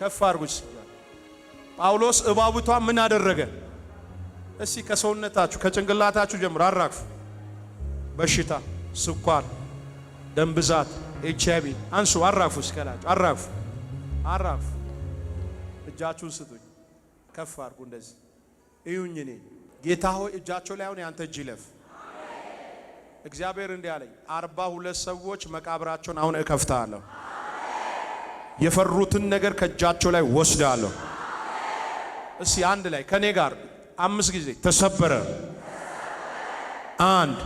ከፍ አድርጉት። ጳውሎስ እባቡቷ ምን አደረገ? እስቲ ከሰውነታችሁ ከጭንቅላታችሁ ጀምሮ አራግፉ። በሽታ፣ ስኳር፣ ደም ብዛት፣ ኤች አይ ቪ አንሱ። አራግፉ፣ እስከላችሁ አራግፉ፣ አራግፉ። እጃችሁን ስጡኝ፣ ከፍ እንደዚህ እዩኝ። እኔ ጌታ ሆይ እጃቸው ላይ አሁን ያንተ እጅ ይለፍ። እግዚአብሔር እንዲህ አለኝ፣ አርባ ሁለት ሰዎች መቃብራቸውን አሁን እከፍታለሁ። የፈሩትን ነገር ከእጃቸው ላይ ወስዳለሁ። እስቲ አንድ ላይ ከኔ ጋር አምስት ጊዜ ተሰበረ። አንድ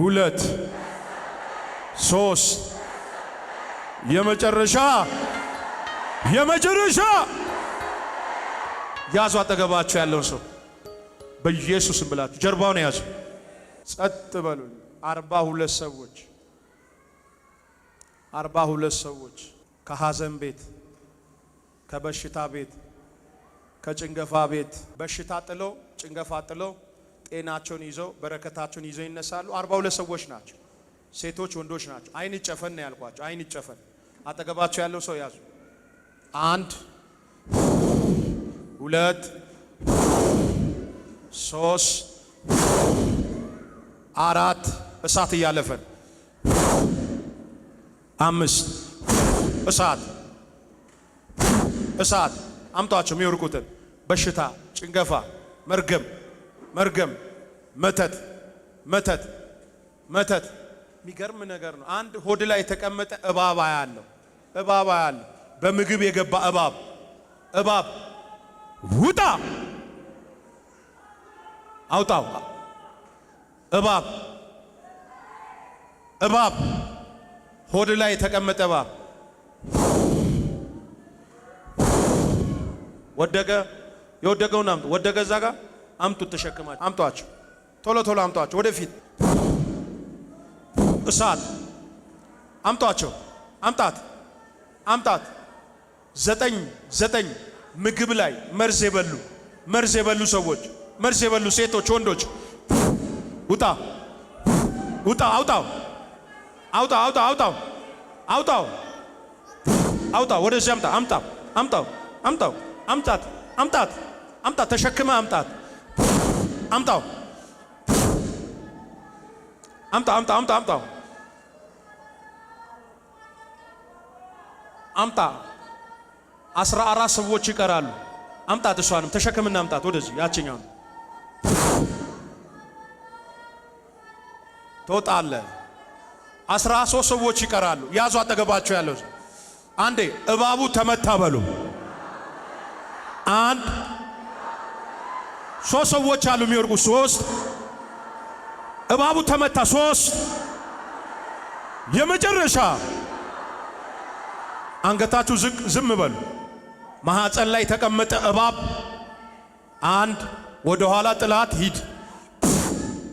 ሁለት ሶስት የመጨረሻ የመጨረሻ ያዙ። አጠገባቸው ያለውን ሰው በኢየሱስም ብላችሁ ጀርባውን ያዙ። ጸጥ በሉ። አርባ ሁለት ሰዎች አርባ ሁለት ሰዎች ከሐዘን ቤት፣ ከበሽታ ቤት፣ ከጭንገፋ ቤት በሽታ ጥሎ ጭንገፋ ጥሎ ጤናቸውን ይዘው በረከታቸውን ይዘው ይነሳሉ። አርባ ሁለት ሰዎች ናቸው። ሴቶች ወንዶች ናቸው። አይን ይጨፈን ነው ያልኳቸው። አይን ይጨፈን። አጠገባቸው ያለው ሰው ያዙ። አንድ ሁለት ሶስት አራት እሳት እያለፈን አምስት እሳት እሳት አምጧቸው የሚወርቁትን በሽታ፣ ጭንገፋ፣ መርገም፣ መርገም፣ መተት፣ መተት፣ መተት። የሚገርም ነገር ነው። አንድ ሆድ ላይ የተቀመጠ እባብ ያለው እባብ ያለው በምግብ የገባ እባብ እባብ ውጣ፣ አውጣው እባብ እባብ ሆድ ላይ የተቀመጠ እባብ ወደቀ። የወደቀውን አምጡ። ወደቀ። እዛ ጋር አምጡት። ተሸክማችሁ አምጧቸው። ቶሎ ቶሎ አምጧቸው። ወደፊት እሳት አምጧቸው። አምጣት አምጣት። ዘጠኝ ዘጠኝ ምግብ ላይ መርዝ የበሉ መርዝ የበሉ ሰዎች መርዝ የበሉ ሴቶች፣ ወንዶች ውጣ ውጣ አውጣው አውጣው አውጣው አውጣው አውጣው አውጣው ወደዚህ አምጣ አምጣ አምጣው አምጣው አምጣት አምጣት አምጣት ተሸክመ አምጣት አምጣው አምጣ አምጣ አምጣ አምጣው አምጣ አስራ አራት ሰዎች ይቀራሉ። አምጣት እሷንም ተሸክምና አምጣት ወደዚህ ያችኛውን ትወጣለህ። አስራ ሶስት ሰዎች ይቀራሉ። ያዙ አጠገባቸው ያለው አንዴ እባቡ ተመታ በሉ። አንድ ሶስት ሰዎች አሉ የሚወርቁ ሶስት እባቡ ተመታ ሶስት የመጨረሻ አንገታችሁ ዝቅ ዝም በሉ። ማሐፀን ላይ የተቀመጠ እባብ አንድ ወደ ኋላ ጥላት ሂድ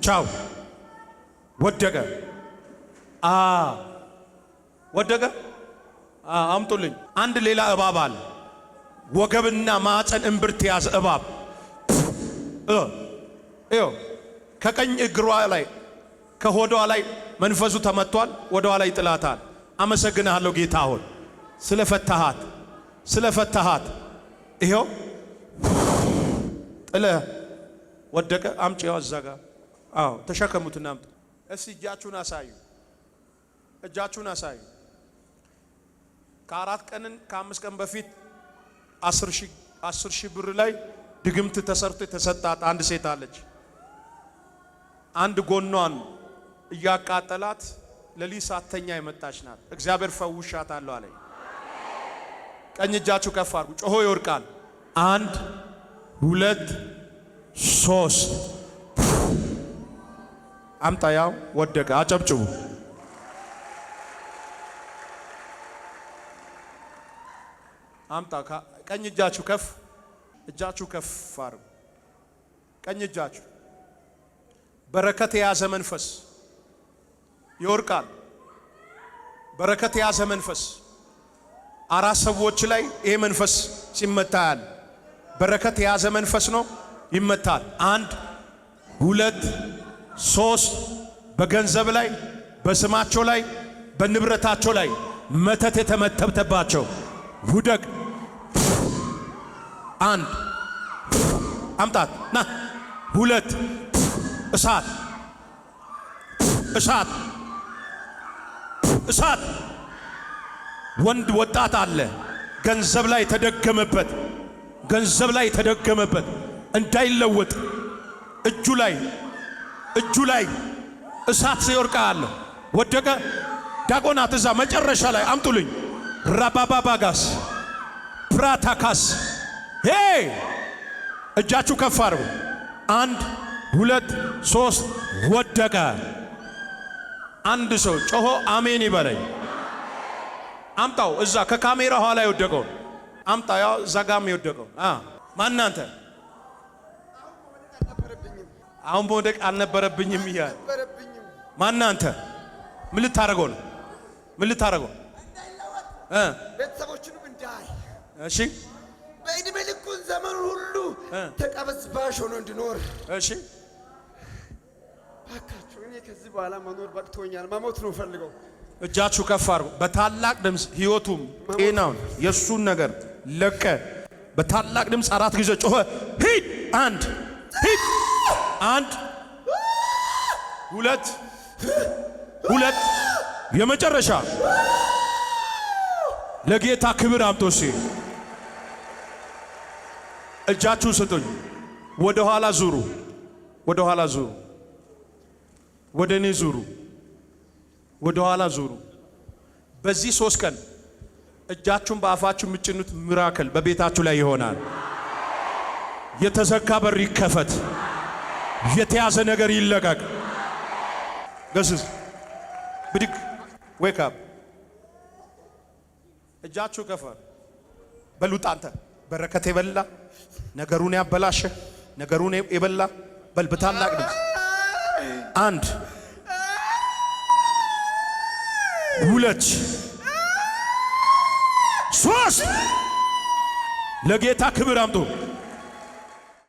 ቻው ወደቀ። አ ወደቀ። አምጡልኝ። አንድ ሌላ እባብ አለ። ወገብና ማፀን እምብርት የያዘ እባብ ከቀኝ እግሯ ላይ ከሆዷ ላይ መንፈሱ ተመቷል። ወደኋ ላይ ጥላታል። አመሰግንሃለሁ ጌታ ሆይ ስለፈታሃት ስለፈታሃት። ይኸው ጥለ ወደቀ። አምጪዋ እዛ ጋር አዎ፣ ተሸከሙትና አምጡ። እስቲ እጃችሁን አሳዩ። እጃችሁን አሳዩ። ከአራት ቀንን ከአምስት ቀን በፊት አስር ሺህ ብር ላይ ድግምት ተሰርቶ የተሰጣት አንድ ሴት አለች። አንድ ጎኗን እያቃጠላት ለሊት ሳተኛ የመጣች ናት። እግዚአብሔር አለው አለኝ። ቀኝ እጃችሁ ከፍ አድርጉ፣ ጮሆ ይወድቃል። አንድ ሁለት ሶስት አምጣ፣ ያው ወደቀ። አጨብጭቡ አምጣ። ቀኝ እጃችሁ ከፍ እጃችሁ ከፍ አርጉ። ቀኝ እጃችሁ በረከት የያዘ መንፈስ ይወርቃል። በረከት የያዘ መንፈስ አራት ሰዎች ላይ ይሄ መንፈስ ሲመታ ያለ በረከት የያዘ መንፈስ ነው፣ ይመታል። አንድ ሁለት ሶስት በገንዘብ ላይ በስማቸው ላይ በንብረታቸው ላይ መተት የተመተብተባቸው ውደቅ አንድ አምጣት ና ሁለት እሳት እሳት እሳት ወንድ ወጣት አለ ገንዘብ ላይ ተደገመበት ገንዘብ ላይ ተደገመበት እንዳይለወጥ እጁ ላይ እጁ ላይ እሳት ሲወርቃ አለ ወደቀ ዳቆናት እዛ መጨረሻ ላይ አምጡልኝ ራባባባጋስ ፕራታካስ ሄ እጃችሁ ከፍ አድርጉ። አንድ ሁለት ሶስት ወደቀ። አንድ ሰው ጮሆ አሜን ይበለኝ። አምጣው እዛ ከካሜራ ኋላ የወደቀው አምጣ። ያው እዛ ጋም የወደቀው ማናንተ አሁን በወደቅ አልነበረብኝም እያለ ማናንተ ምን ልታረገው ነው? ምን ልታረገው ቤተሰቦችንም እንዳይ እሺ ዘመኑ ሁሉ ተቀበዝባሽ ሆኖ እንድኖር። እሺ እባካችሁ፣ እኔ ከዚህ በኋላ መኖር በቅቶኛል፣ መሞት ነው ፈልገው። እጃችሁ ከፍ አድርጉ። በታላቅ ድምፅ ህይወቱም ጤናውን የእሱን ነገር ለቀ። በታላቅ ድምፅ አራት ጊዜ ጮኸ። ሂድ! አንድ ሂድ! አንድ ሁለት ሁለት የመጨረሻ ለጌታ ክብር አምጦ እጃችሁ ስጡኝ። ወደ ኋላ ዙሩ፣ ወደ ኋላ ዙሩ፣ ወደ እኔ ዙሩ፣ ወደ ኋላ ዙሩ። በዚህ ሶስት ቀን እጃችሁን በአፋችሁ የምጭኑት ሚራክል በቤታችሁ ላይ ይሆናል። የተዘጋ በር ይከፈት፣ የተያዘ ነገር ይለቀቅ። ገስስ ብድግ፣ ዌክ አፕ። እጃችሁ ከፈር በሉጣንተ በረከት የበላ ነገሩን ያበላሸ ነገሩን የበላ በል በታላቅ ድምፅ አንድ ሁለት ሶስት ለጌታ ክብር አምጡ።